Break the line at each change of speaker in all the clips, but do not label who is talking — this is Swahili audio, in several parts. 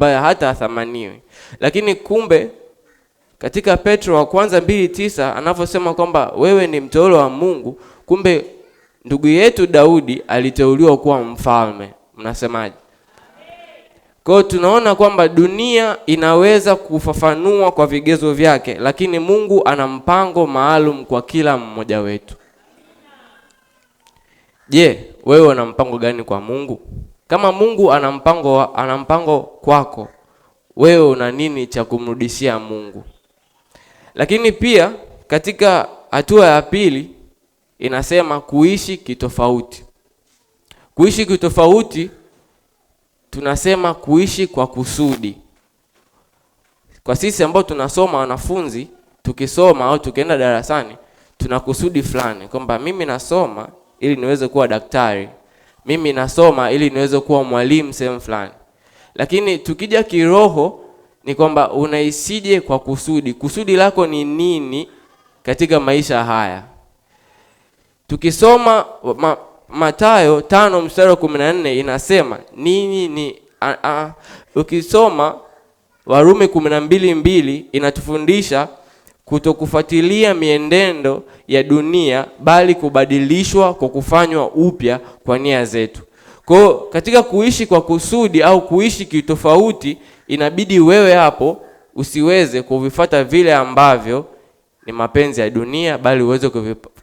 ambaye hata hathamaniwi. Lakini kumbe katika Petro wa kwanza mbili tisa anavyosema kwamba wewe ni mteule wa Mungu, kumbe ndugu yetu Daudi aliteuliwa kuwa mfalme. Mnasemaje? Kwa hiyo tunaona kwamba dunia inaweza kufafanua kwa vigezo vyake, lakini Mungu ana mpango maalum kwa kila mmoja wetu. Je, wewe una mpango gani kwa Mungu? Kama Mungu ana mpango ana mpango kwako, wewe una nini cha kumrudishia Mungu? Lakini pia katika hatua ya pili inasema kuishi kitofauti. Kuishi kitofauti tunasema kuishi kwa kusudi. Kwa sisi ambao tunasoma wanafunzi, tukisoma au tukienda darasani, tuna kusudi fulani kwamba mimi nasoma ili niweze kuwa daktari mimi nasoma ili niweze kuwa mwalimu sehemu fulani. Lakini tukija kiroho ni kwamba unaisije kwa kusudi. Kusudi lako ni nini katika maisha haya? Tukisoma ma, Mathayo tano mstari wa kumi na nne inasema nini? Ni a, a, ukisoma Warumi kumi na mbili mbili inatufundisha kutokufuatilia miendendo ya dunia, bali kubadilishwa kwa kufanywa upya kwa nia zetu. Kwa hiyo katika kuishi kwa kusudi au kuishi kitofauti, inabidi wewe hapo usiweze kuvifata vile ambavyo ni mapenzi ya dunia, bali uweze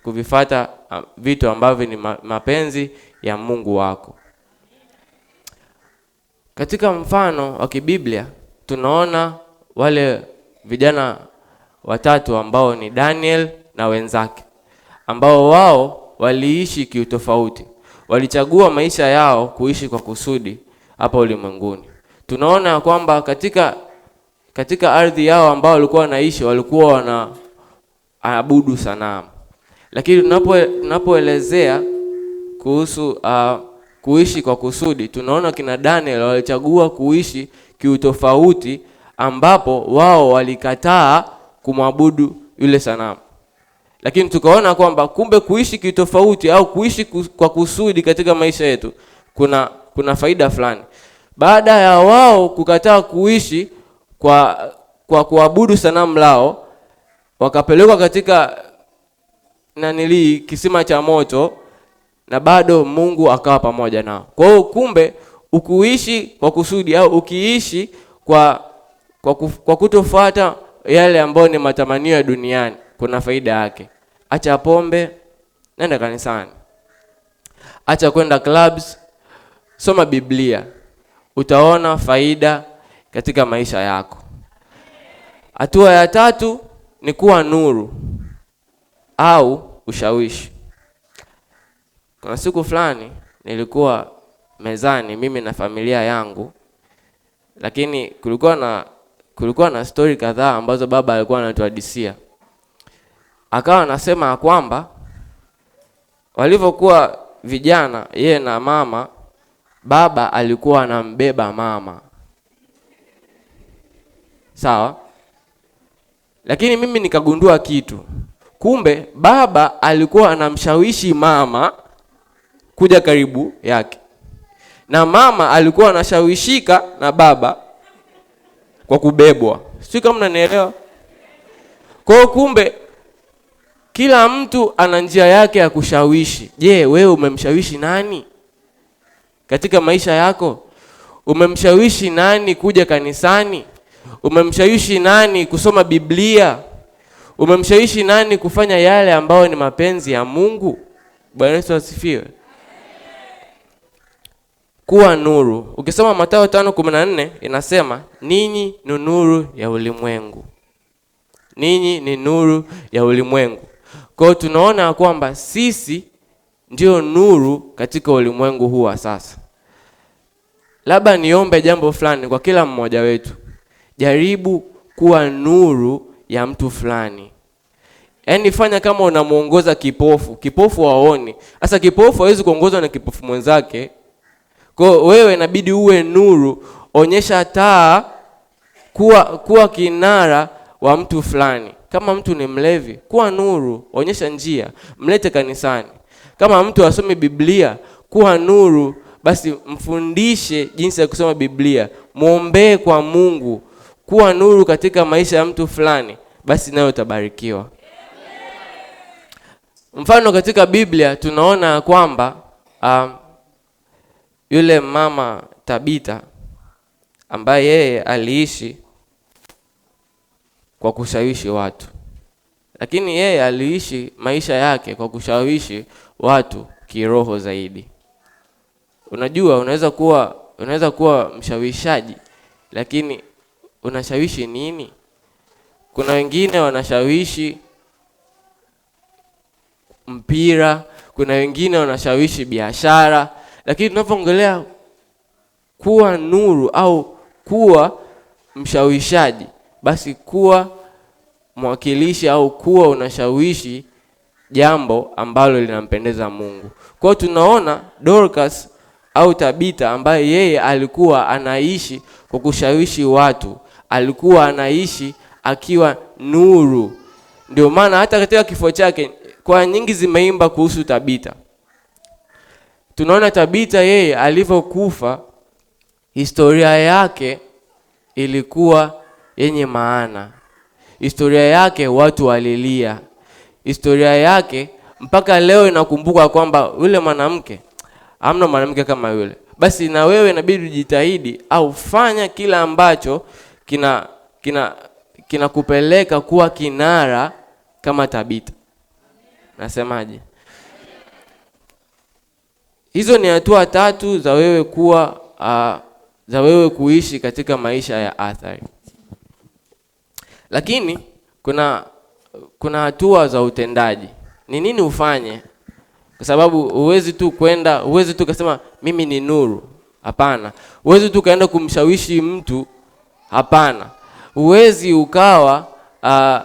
kuvifata vitu ambavyo ni mapenzi ya Mungu wako. Katika mfano wa kibiblia tunaona wale vijana watatu ambao ni Daniel na wenzake ambao wao waliishi kiutofauti, walichagua maisha yao kuishi kwa kusudi hapa ulimwenguni. Tunaona kwamba katika katika ardhi yao ambao walikuwa wanaishi walikuwa wana abudu sanamu, lakini tunapoelezea kuhusu uh, kuishi kwa kusudi, tunaona kina Daniel walichagua kuishi kiutofauti, ambapo wao walikataa kumwabudu yule sanamu. Lakini tukaona kwamba kumbe kuishi kitofauti au kuishi kwa kusudi katika maisha yetu kuna kuna faida fulani. Baada ya wao kukataa kuishi kwa kwa kuabudu sanamu lao, wakapelekwa katika nanili kisima cha moto, na bado Mungu akawa pamoja nao. Kwa hiyo kumbe ukuishi kwa kusudi au ukiishi kwa kwa, kwa kutofuata yale ambayo ni matamanio ya duniani kuna faida yake. Acha pombe, nenda kanisani. Acha kwenda clubs, soma Biblia, utaona faida katika maisha yako. Hatua ya tatu ni kuwa nuru au ushawishi. Kuna siku fulani nilikuwa mezani mimi na familia yangu, lakini kulikuwa na kulikuwa na stori kadhaa ambazo baba alikuwa anatuhadisia, akawa anasema kwamba walivyokuwa vijana ye na mama, baba alikuwa anambeba mama, sawa. Lakini mimi nikagundua kitu, kumbe baba alikuwa anamshawishi mama kuja karibu yake, na mama alikuwa anashawishika na baba kwa kubebwa, sio kama mnanielewa? Kwa kumbe kila mtu ana njia yake ya kushawishi. Je, wewe umemshawishi nani katika maisha yako? Umemshawishi nani kuja kanisani? Umemshawishi nani kusoma Biblia? Umemshawishi nani kufanya yale ambayo ni mapenzi ya Mungu? Bwana Yesu asifiwe kuwa nuru. Ukisoma Mathayo tano kumi na nne inasema ninyi ni nuru ya ulimwengu, ninyi ni nuru ya ulimwengu. Kwa hiyo tunaona kwamba sisi ndio nuru katika ulimwengu huu wa sasa. Labda niombe jambo fulani kwa kila mmoja wetu, jaribu kuwa nuru ya mtu fulani. Yaani fanya kama unamuongoza kipofu. Kipofu waoni Sasa kipofu hawezi kuongozwa na kipofu mwenzake kwa wewe inabidi uwe nuru, onyesha taa, kuwa, kuwa kinara wa mtu fulani. Kama mtu ni mlevi, kuwa nuru, onyesha njia, mlete kanisani. Kama mtu asome Biblia, kuwa nuru, basi mfundishe jinsi ya kusoma Biblia, mwombee kwa Mungu, kuwa nuru katika maisha ya mtu fulani, basi nayo utabarikiwa. Mfano katika Biblia tunaona kwamba um, yule mama Tabita ambaye yeye aliishi kwa kushawishi watu, lakini yeye aliishi maisha yake kwa kushawishi watu kiroho zaidi. Unajua, unaweza kuwa unaweza kuwa mshawishaji, lakini unashawishi nini? Kuna wengine wanashawishi mpira, kuna wengine wanashawishi biashara lakini tunapoongelea kuwa nuru au kuwa mshawishaji, basi kuwa mwakilishi au kuwa unashawishi jambo ambalo linampendeza Mungu. Kwa hiyo tunaona Dorcas au Tabita ambaye yeye alikuwa anaishi kwa kushawishi watu, alikuwa anaishi akiwa nuru. Ndio maana hata katika kifo chake kwa nyingi zimeimba kuhusu Tabita tunaona Tabita yeye alivyokufa, historia yake ilikuwa yenye maana. Historia yake watu walilia, historia yake mpaka leo inakumbuka kwamba yule mwanamke, amna mwanamke kama yule. Basi na wewe inabidi ujitahidi au fanya kila ambacho kina kina kinakupeleka kuwa kinara kama Tabita. Nasemaje? Hizo ni hatua tatu za wewe kuwa uh, za wewe kuishi katika maisha ya athari. Lakini kuna kuna hatua za utendaji. Ni nini ufanye? Kwa sababu huwezi tu kwenda, huwezi tu kusema mimi ni nuru. Hapana. Huwezi tu kaenda kumshawishi mtu. Hapana. Huwezi ukawa uh,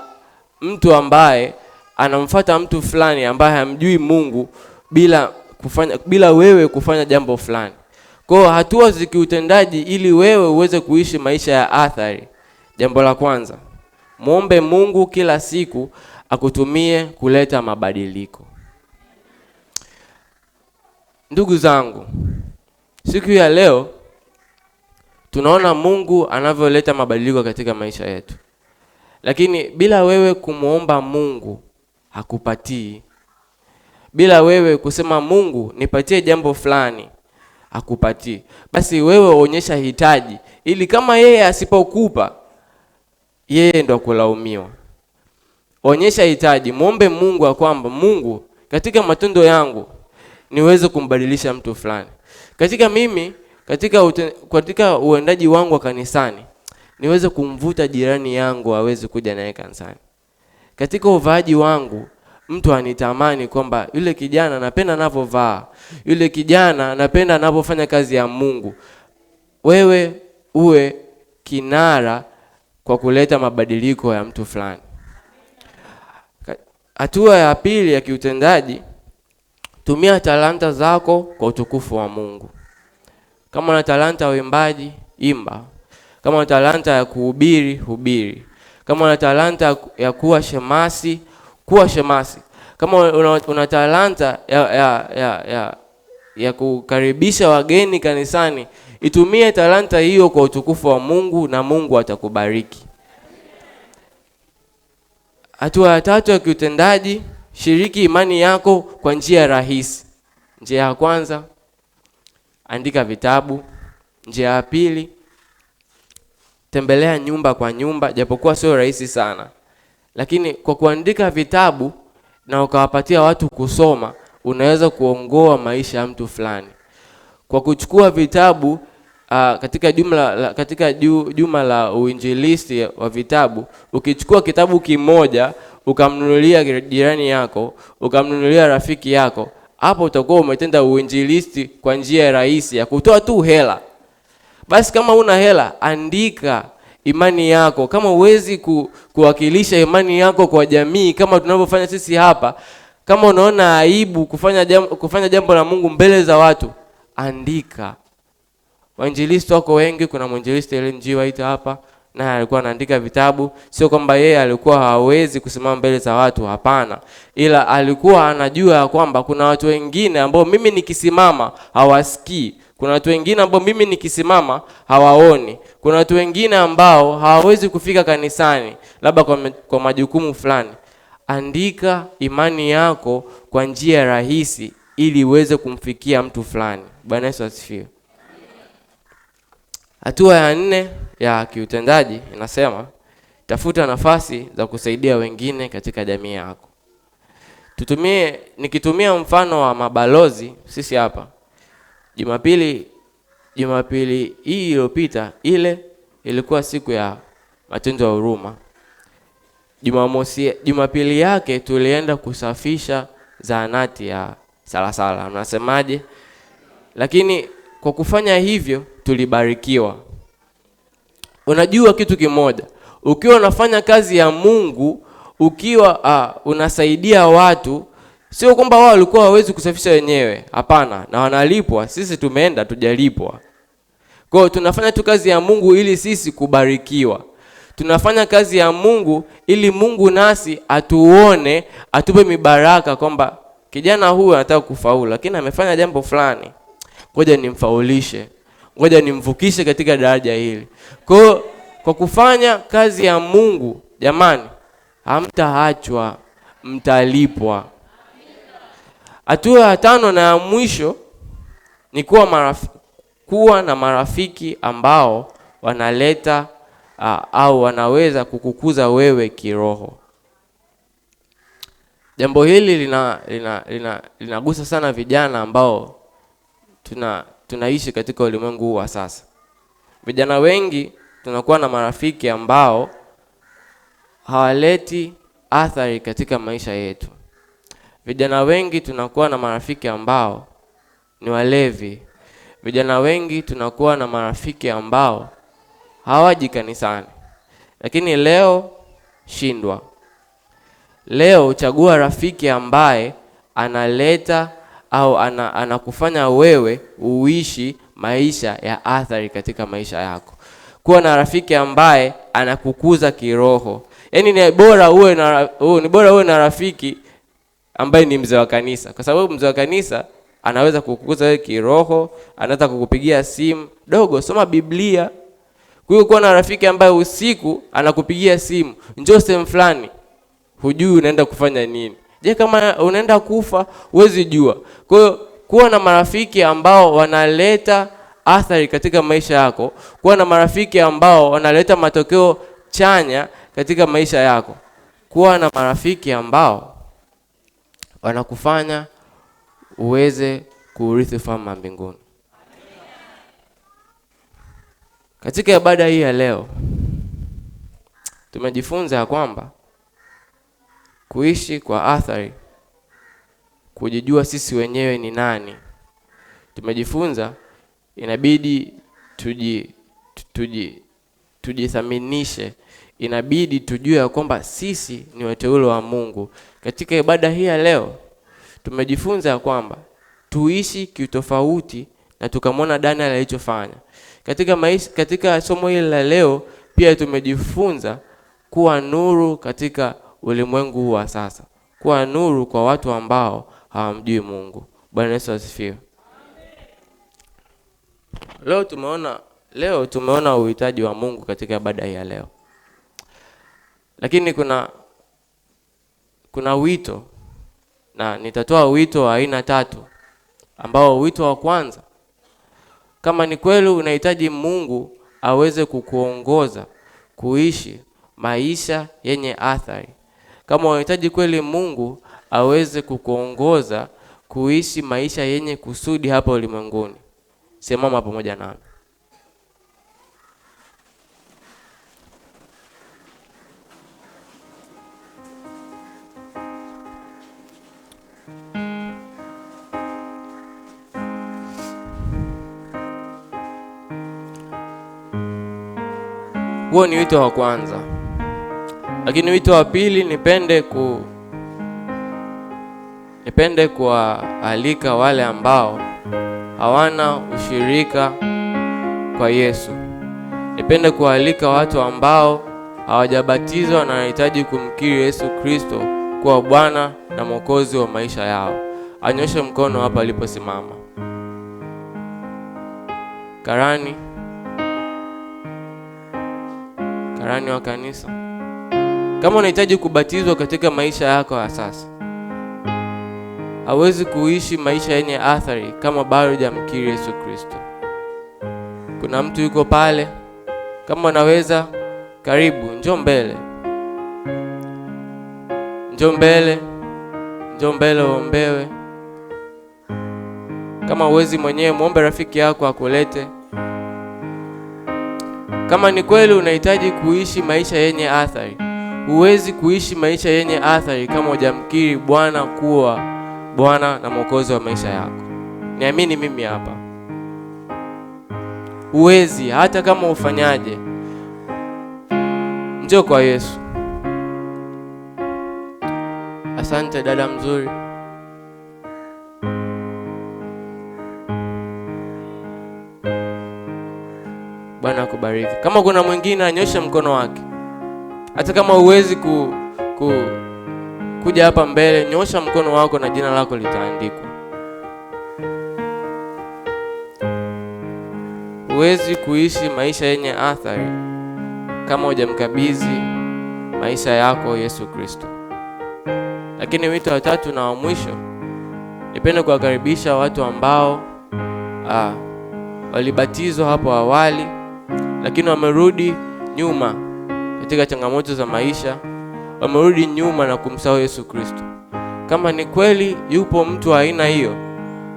mtu ambaye anamfata mtu fulani ambaye hamjui Mungu bila kufanya, bila wewe kufanya jambo fulani. Kwa hiyo hatua za kiutendaji ili wewe uweze kuishi maisha ya athari. Jambo la kwanza, muombe Mungu kila siku akutumie kuleta mabadiliko. Ndugu zangu, siku ya leo tunaona Mungu anavyoleta mabadiliko katika maisha yetu, lakini bila wewe kumwomba Mungu hakupatii bila wewe kusema Mungu nipatie jambo fulani, akupatie. Basi wewe onyesha hitaji, ili kama yeye asipokupa yeye ndo akulaumiwa. Onyesha hitaji, muombe Mungu ya kwamba Mungu, katika matendo yangu niweze kumbadilisha mtu fulani, katika mimi, katika uten, katika uendaji wangu wa kanisani niweze kumvuta jirani yangu aweze kuja naye kanisani, katika uvaaji wangu mtu anitamani kwamba yule kijana napenda anavyovaa, yule kijana napenda anavyofanya kazi ya Mungu. Wewe uwe kinara kwa kuleta mabadiliko ya mtu fulani. Hatua ya pili ya kiutendaji, tumia talanta zako kwa utukufu wa Mungu. Kama una talanta ya uimbaji, imba. Kama una talanta ya kuhubiri, hubiri. Kama una talanta ya kuwa shemasi kuwa shemasi. Kama una, una talanta ya, ya, ya, ya, ya kukaribisha wageni kanisani, itumie talanta hiyo kwa utukufu wa Mungu na Mungu atakubariki. Hatua ya tatu ya kiutendaji, shiriki imani yako kwa njia rahisi. Njia ya kwanza, andika vitabu. Njia ya pili, tembelea nyumba kwa nyumba, japokuwa sio rahisi sana. Lakini kwa kuandika vitabu na ukawapatia watu kusoma, unaweza kuongoa maisha ya mtu fulani. Kwa kuchukua vitabu Uh, katika jumla la, katika juma la uinjilisti wa vitabu, ukichukua kitabu kimoja ukamnunulia jirani yako, ukamnunulia rafiki yako, hapo utakuwa umetenda uinjilisti kwa njia rahisi ya kutoa tu hela. Basi kama una hela andika imani yako, kama huwezi ku, kuwakilisha imani yako kwa jamii kama tunavyofanya sisi hapa, kama unaona aibu kufanya jambo, kufanya jambo la Mungu mbele za watu, andika. Wainjilisti wako wengi. Kuna mwinjilisti Ellen G White hapa, naye alikuwa anaandika vitabu. Sio kwamba yeye alikuwa hawezi kusimama mbele za watu, hapana, ila alikuwa anajua ya kwamba kuna watu wengine ambao mimi nikisimama hawasikii, kuna watu wengine ambao mimi nikisimama hawaoni kuna watu wengine ambao hawawezi kufika kanisani labda kwa, kwa majukumu fulani. Andika imani yako kwa njia rahisi ili uweze kumfikia mtu fulani. Bwana Yesu asifiwe. Hatua ya nne ya kiutendaji inasema tafuta nafasi za kusaidia wengine katika jamii yako. Tutumie, nikitumia mfano wa mabalozi, sisi hapa Jumapili Jumapili hii iliyopita, ile ilikuwa siku ya matendo ya huruma. Jumamosi, Jumapili yake tulienda kusafisha zahanati ya Salasala, mnasemaje? Lakini kwa kufanya hivyo tulibarikiwa. Unajua kitu kimoja, ukiwa unafanya kazi ya Mungu, ukiwa uh, unasaidia watu Sio kwamba wao walikuwa hawezi kusafisha wenyewe, hapana, na wanalipwa. Sisi tumeenda tujalipwa. Kwa tunafanya tu kazi ya Mungu ili sisi kubarikiwa. Tunafanya kazi ya Mungu ili Mungu nasi atuone, atupe mibaraka kwamba kijana huyu anataka kufaulu, lakini amefanya jambo fulani, ngoja nimfaulishe, ngoja nimvukishe katika daraja hili. Kwa kwa kufanya kazi ya Mungu, jamani, hamtaachwa, mtalipwa. Hatua ya tano na ya mwisho ni kuwa, marafi, kuwa na marafiki ambao wanaleta uh, au wanaweza kukukuza wewe kiroho. Jambo hili linagusa lina, lina, lina sana vijana ambao tuna tunaishi katika ulimwengu huu wa sasa. Vijana wengi tunakuwa na marafiki ambao hawaleti athari katika maisha yetu. Vijana wengi tunakuwa na marafiki ambao ni walevi. Vijana wengi tunakuwa na marafiki ambao hawaji kanisani. Lakini leo shindwa. Leo chagua rafiki ambaye analeta au ana, anakufanya wewe uishi maisha ya athari katika maisha yako. Kuwa na rafiki ambaye anakukuza kiroho. Yaani ni bora uwe na, ni bora uwe na rafiki ambaye ni mzee wa kanisa, kwa sababu mzee wa kanisa anaweza kukukuza wewe kiroho, anaweza kukupigia simu dogo, soma Biblia. Kwa hiyo kuwa na rafiki ambaye usiku anakupigia simu, njoo sehemu fulani, hujui unaenda kufanya nini. Je, kama unaenda kufa huwezi jua. Kwa hiyo kuwa na marafiki ambao wanaleta athari katika maisha yako, kuwa na marafiki ambao wanaleta matokeo chanya katika maisha yako, kuwa na marafiki ambao wanakufanya uweze kuurithi ufalme mbinguni. Katika ibada hii ya leo tumejifunza ya kwamba kuishi kwa athari, kujijua sisi wenyewe ni nani. Tumejifunza inabidi tuji, tuji, tujithaminishe inabidi tujue ya kwamba sisi ni wateule wa Mungu. Katika ibada hii ya leo tumejifunza ya kwamba tuishi kiutofauti na tukamwona Daniel alichofanya katika maisha. Katika somo hili la leo pia tumejifunza kuwa nuru katika ulimwengu huu wa sasa, kuwa nuru kwa watu ambao hawamjui Mungu. Bwana Yesu asifiwe. Leo tumeona leo tumeona uhitaji wa Mungu katika ibada hii ya leo. Lakini kuna kuna wito na nitatoa wito wa aina tatu, ambao wito wa kwanza, kama ni kweli unahitaji Mungu aweze kukuongoza kuishi maisha yenye athari, kama unahitaji kweli Mungu aweze kukuongoza kuishi maisha yenye kusudi hapa ulimwenguni, simama pamoja nami. Huo ni wito wa kwanza, lakini wito wa pili, nipende ku nipende kuwaalika wale ambao hawana ushirika kwa Yesu. Nipende kuwaalika watu ambao hawajabatizwa na wanahitaji kumkiri Yesu Kristo kuwa Bwana na Mwokozi wa maisha yao. Anyoshe mkono hapa aliposimama. Karani karani wa kanisa. Kama unahitaji kubatizwa katika maisha yako ya sasa, hawezi kuishi maisha yenye athari kama bado hujamkiri Yesu Kristo. Kuna mtu yuko pale, kama unaweza, karibu, njoo mbele, njoo mbele, njoo mbele uombewe. Kama uwezi mwenyewe, muombe rafiki yako akulete. Kama ni kweli unahitaji kuishi maisha yenye athari, huwezi kuishi maisha yenye athari kama hujamkiri Bwana kuwa Bwana na Mwokozi wa maisha yako. Niamini mimi hapa, huwezi hata kama ufanyaje. Njoo kwa Yesu. Asante dada mzuri. kubariki. Kama kuna mwingine anyosha mkono wake, hata kama huwezi ku, ku, kuja hapa mbele, nyosha mkono wako na jina lako litaandikwa. Huwezi kuishi maisha yenye athari kama hujamkabidhi maisha yako Yesu Kristo. Lakini wito wa tatu na wa mwisho, nipende kuwakaribisha watu ambao ah, walibatizwa hapo awali lakini wamerudi nyuma katika changamoto za maisha, wamerudi nyuma na kumsahau Yesu Kristo. Kama ni kweli yupo mtu wa aina hiyo,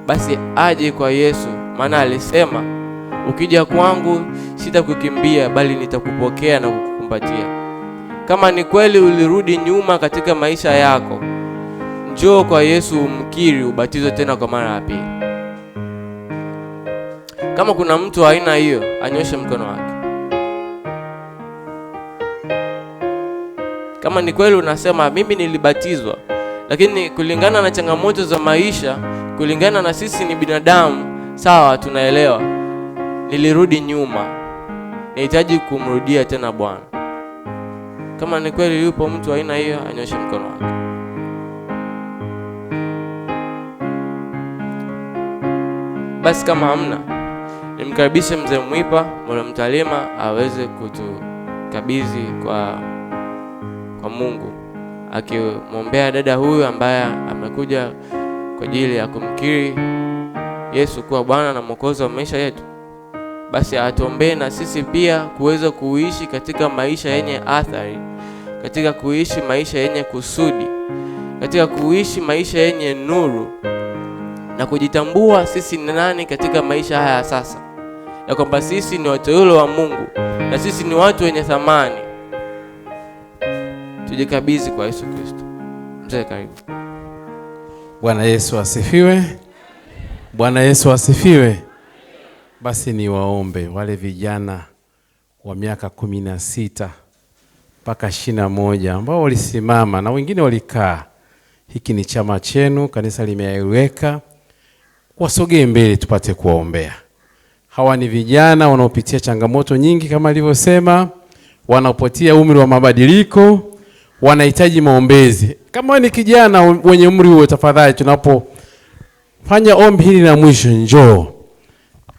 basi aje kwa Yesu, maana alisema, ukija kwangu sitakukimbia bali nitakupokea na kukukumbatia. Kama ni kweli ulirudi nyuma katika maisha yako, njoo kwa Yesu, umkiri, ubatizwe tena kwa mara ya pili. Kama kuna mtu wa aina hiyo, anyoshe mkono wake. Kama ni kweli unasema mimi nilibatizwa, lakini kulingana na changamoto za maisha, kulingana na sisi ni binadamu, sawa, tunaelewa. Nilirudi nyuma, nahitaji kumrudia tena Bwana. Kama ni kweli yupo mtu aina hiyo, anyoshe mkono wake. Basi kama hamna, nimkaribishe mzee Mwipa mwana Mtalima aweze kutukabidhi kwa kwa Mungu akimwombea dada huyu ambaye amekuja kwa ajili ya kumkiri Yesu kuwa Bwana na Mwokozi wa maisha yetu, basi atuombee na sisi pia kuweza kuishi katika maisha yenye athari, katika kuishi maisha yenye kusudi, katika kuishi maisha yenye nuru na kujitambua sisi ni nani katika maisha haya sasa, ya kwamba sisi ni wateule wa Mungu na sisi ni watu wenye thamani. Tujikabidhi kwa Yesu Kristo. Mzee, karibu.
Bwana Yesu asifiwe. Bwana Yesu asifiwe. Basi waombe wale vijana wa miaka kumi na sita mpaka ishirini na moja ambao walisimama na wengine walikaa. Hiki ni chama chenu, kanisa limeiweka. Wasogee mbele tupate kuwaombea. Hawa ni vijana wanaopitia changamoto nyingi kama alivyosema, wanapotia umri wa mabadiliko, wanahitaji maombezi. Kama ni kijana wenye umri huo, tafadhali, tunapofanya ombi hili la mwisho, njoo.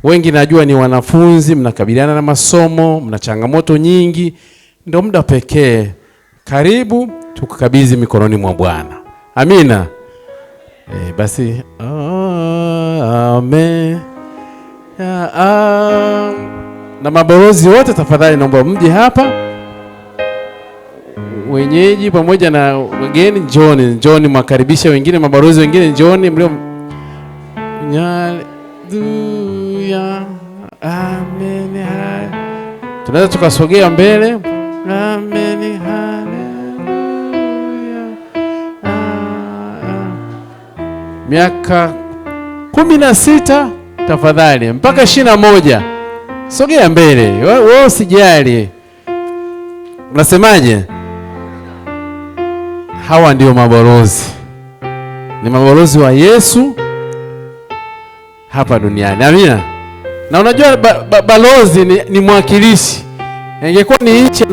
Wengi najua ni wanafunzi, mnakabiliana na masomo, mna changamoto nyingi, ndio muda pekee. Karibu tukukabidhi mikononi mwa Bwana. Amina. E, basi Amen. Na mabalozi wote tafadhali, naomba mje hapa wenyeji pamoja na wageni, njoni njoni, mwakaribisha wengine, mabalozi wengine, njoni mlio Haleluya, amen. Tunaweza tukasogea mbele. Amen, haleluya. Miaka kumi na sita tafadhali mpaka ishirini na moja sogea mbele, wewe usijali. Unasemaje? Hawa ndio mabalozi, ni mabalozi wa Yesu hapa duniani. Amina. Na unajua ba, ba, balozi ni, ni mwakilishi. Ingekuwa ni nchi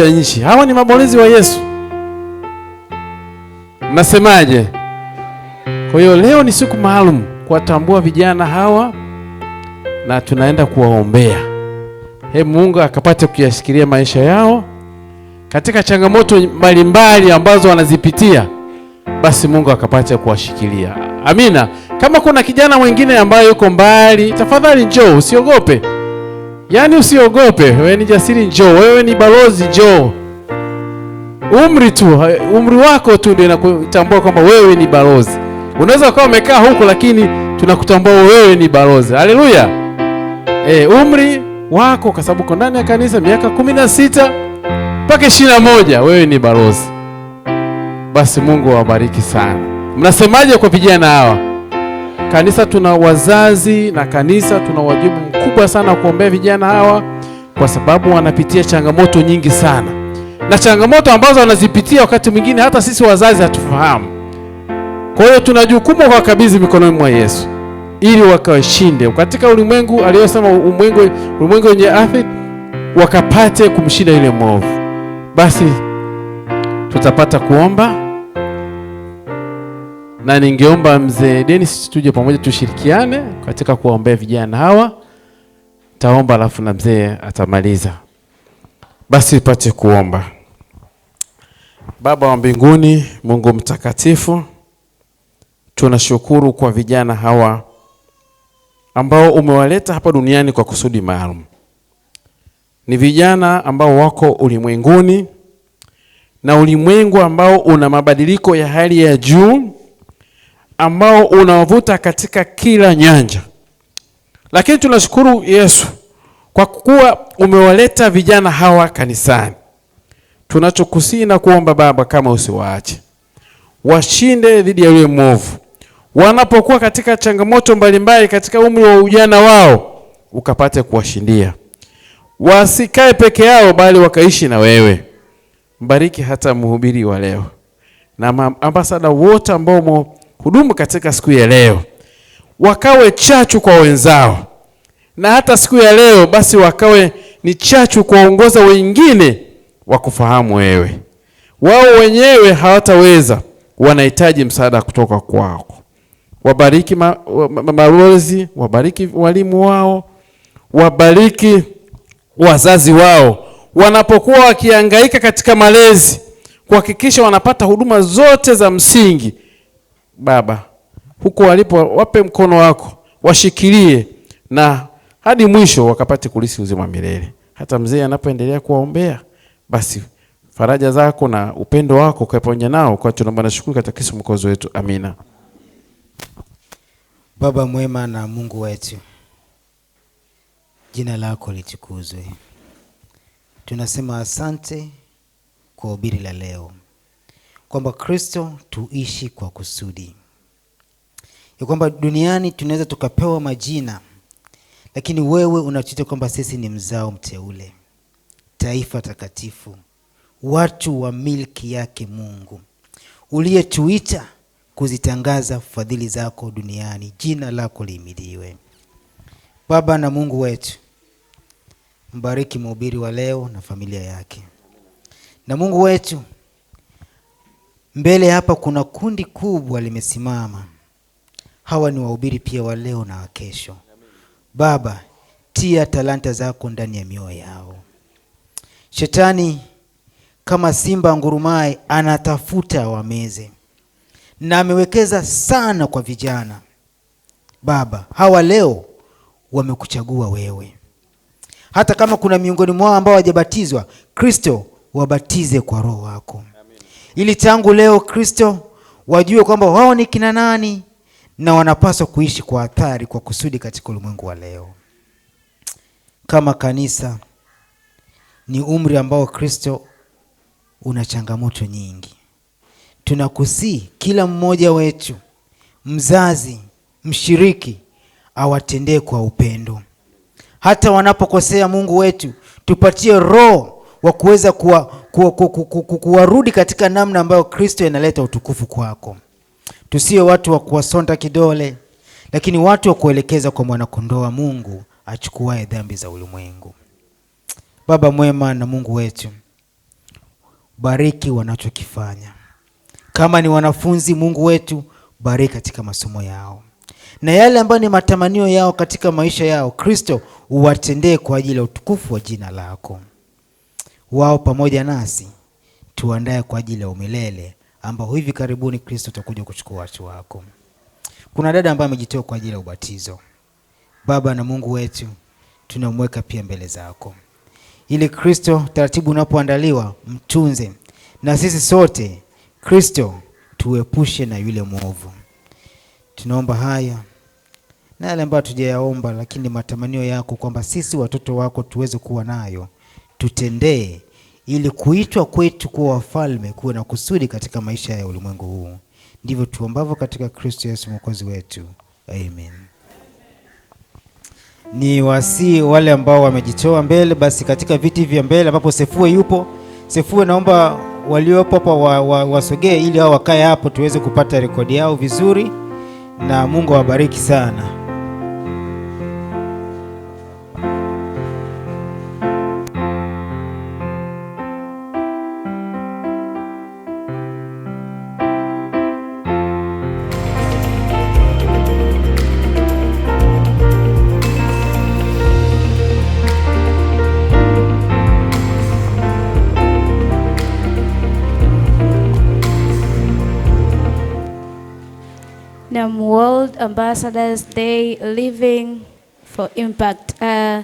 wa nchi. Hawa ni mabalozi wa Yesu. Nasemaje? Kwa hiyo leo ni siku maalum kuwatambua vijana hawa na tunaenda kuwaombea. He, Mungu akapate kuyashikilia maisha yao katika changamoto mbalimbali ambazo wanazipitia, basi Mungu akapata kuwashikilia. Amina. Kama kuna kijana mwingine ambaye yuko mbali, tafadhali njoo, usiogope. Yaani usiogope, wewe ni jasiri, njoo. Wewe ni balozi, njoo. Umri tu, umri wako tu ndio inakutambua kwamba wewe ni balozi. Unaweza ukawa umekaa huku lakini tunakutambua wewe ni balozi. Haleluya. E, umri wako kwa sababu uko ndani ya kanisa miaka kumi na sita mpaka ishirini na moja wewe ni balozi. Basi Mungu awabariki sana. Mnasemaje kwa vijana hawa? Kanisa tuna wazazi na kanisa tuna wajibu mkubwa sana kuombea vijana hawa, kwa sababu wanapitia changamoto nyingi sana, na changamoto ambazo wanazipitia wakati mwingine hata sisi wazazi hatufahamu. Kwa hiyo tuna jukumu kwa kabidhi mikononi mwa Yesu ili wakashinde katika ulimwengu aliyosema ulimwengu wenye afya, wakapate kumshinda yule mwovu basi tutapata kuomba, na ningeomba mzee Dennis tuje pamoja tushirikiane katika kuwaombea vijana hawa. Taomba alafu na mzee atamaliza. Basi pate kuomba. Baba wa mbinguni, Mungu mtakatifu, tunashukuru kwa vijana hawa ambao umewaleta hapa duniani kwa kusudi maalum ni vijana ambao wako ulimwenguni na ulimwengu ambao una mabadiliko ya hali ya juu ambao unawavuta katika kila nyanja. Lakini tunashukuru Yesu kwa kuwa umewaleta vijana hawa kanisani. Tunachokusii na kuomba Baba, kama usiwaache washinde dhidi ya yule mwovu, wanapokuwa katika changamoto mbalimbali katika umri wa ujana wao, ukapate kuwashindia wasikae peke yao, bali wakaishi na wewe. Mbariki hata mhubiri wa leo na ambasada wote ambao hudumu katika siku ya leo, wakawe chachu kwa wenzao, na hata siku ya leo basi wakawe ni chachu kuwaongoza wengine wakufahamu wewe. Wao wenyewe hawataweza, wanahitaji msaada kutoka kwako. Wabariki mabalozi, wabariki walimu wao, wabariki wazazi wao wanapokuwa wakihangaika katika malezi kuhakikisha wanapata huduma zote za msingi. Baba, huko walipo, wape mkono wako, washikilie na hadi mwisho wakapate kulisi uzima milele. Hata mzee anapoendelea kuwaombea, basi faraja zako na upendo wako kwa pamoja nao, kwa tunaomba na shukuru katika Kristo wetu, amina.
Baba mwema na Mungu wetu Jina lako litukuzwe. Tunasema asante kwa ubiri la leo, kwamba Kristo tuishi kwa kusudi, ya kwamba duniani tunaweza tukapewa majina, lakini wewe unatuita kwamba sisi ni mzao mteule, taifa takatifu, watu wa milki yake Mungu, uliyetuita kuzitangaza fadhili zako duniani. Jina lako liimidiwe, Baba na Mungu wetu Mbariki mhubiri wa leo na familia yake. Na Mungu wetu, mbele hapa kuna kundi kubwa limesimama. Hawa ni wahubiri pia wa leo na kesho. Baba, tia talanta zako ndani ya mioyo yao. Shetani kama simba ngurumaye anatafuta wameze, na amewekeza sana kwa vijana. Baba, hawa leo wamekuchagua wewe hata kama kuna miongoni mwao ambao hawajabatizwa, Kristo wabatize kwa roho wako, ili tangu leo Kristo wajue kwamba wao ni kina nani na wanapaswa kuishi kwa athari kwa kusudi katika ulimwengu wa leo. Kama kanisa ni umri ambao Kristo una changamoto nyingi. Tunakusii kila mmoja wetu, mzazi, mshiriki, awatendee kwa upendo hata wanapokosea Mungu wetu, tupatie roho wa kuweza kuwarudi katika namna ambayo Kristo inaleta utukufu kwako. Tusiwe watu wa kuwasonda kidole, lakini watu wa kuelekeza kwa mwanakondoa Mungu achukuaye dhambi za ulimwengu. Baba mwema na Mungu wetu, bariki wanachokifanya. Kama ni wanafunzi, Mungu wetu, bariki katika masomo yao na yale ambayo ni matamanio yao katika maisha yao, Kristo uwatendee kwa ajili ya utukufu wa jina lako. Wao pamoja nasi tuandae kwa ajili ya umilele ambao hivi karibuni Kristo utakuja kuchukua watu wako. Kuna dada ambaye amejitoa kwa ajili ya ubatizo. Baba na Mungu wetu, tunamweka pia mbele zako, ili Kristo taratibu unapoandaliwa mtunze, na sisi sote Kristo tuepushe na yule mwovu. Tunaomba haya na yale ambayo hatujayaomba, lakini matamanio yako kwamba sisi watoto wako tuweze kuwa nayo, tutendee ili kuitwa kwetu kuwa wafalme kuwe na kusudi katika maisha ya ulimwengu huu. Ndivyo tuombavyo katika Kristo Yesu mwokozi wetu, amen.
Ni wasii wale ambao wamejitoa mbele, basi katika viti vya mbele ambapo Sefue yupo. Sefue, naomba waliopo hapa wasogee wa, wasogee ili hao wakae hapo tuweze kupata rekodi yao vizuri, na Mungu awabariki sana.
Ambassadors Day Living for Impact. Uh,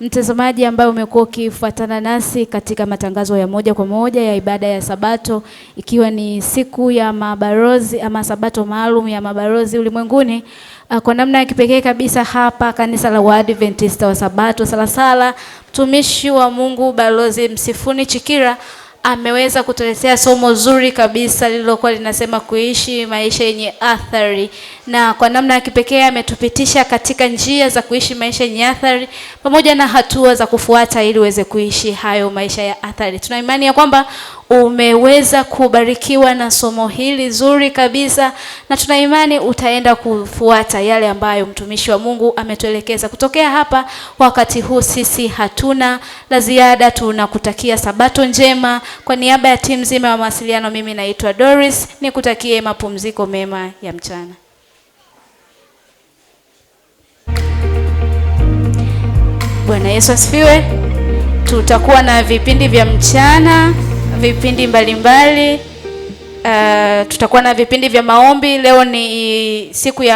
mtazamaji ambaye umekuwa ukifuatana nasi katika matangazo ya moja kwa moja ya ibada ya Sabato, ikiwa ni siku ya mabarozi ama Sabato maalum ya mabarozi ulimwenguni. Uh, kwa namna ya kipekee kabisa hapa kanisa la Waadventista wa Sabato Salasala, mtumishi wa Mungu Balozi Msifuni Chikira ameweza kutuletea somo zuri kabisa lililokuwa linasema kuishi maisha yenye athari na kwa namna ya kipekee ametupitisha katika njia za kuishi maisha yenye athari pamoja na hatua za kufuata ili uweze kuishi hayo maisha ya athari. Tuna imani ya kwamba umeweza kubarikiwa na somo hili zuri kabisa, na tuna imani utaenda kufuata yale ambayo mtumishi wa Mungu ametuelekeza. Kutokea hapa wakati huu, sisi hatuna la ziada, tunakutakia sabato njema. Kwa niaba ya timu nzima ya mawasiliano, mimi naitwa Doris, nikutakie mapumziko mema ya mchana. Bwana Yesu asifiwe. Tutakuwa na vipindi vya mchana, vipindi mbalimbali mbali. Uh, tutakuwa na vipindi vya maombi. Leo ni siku ya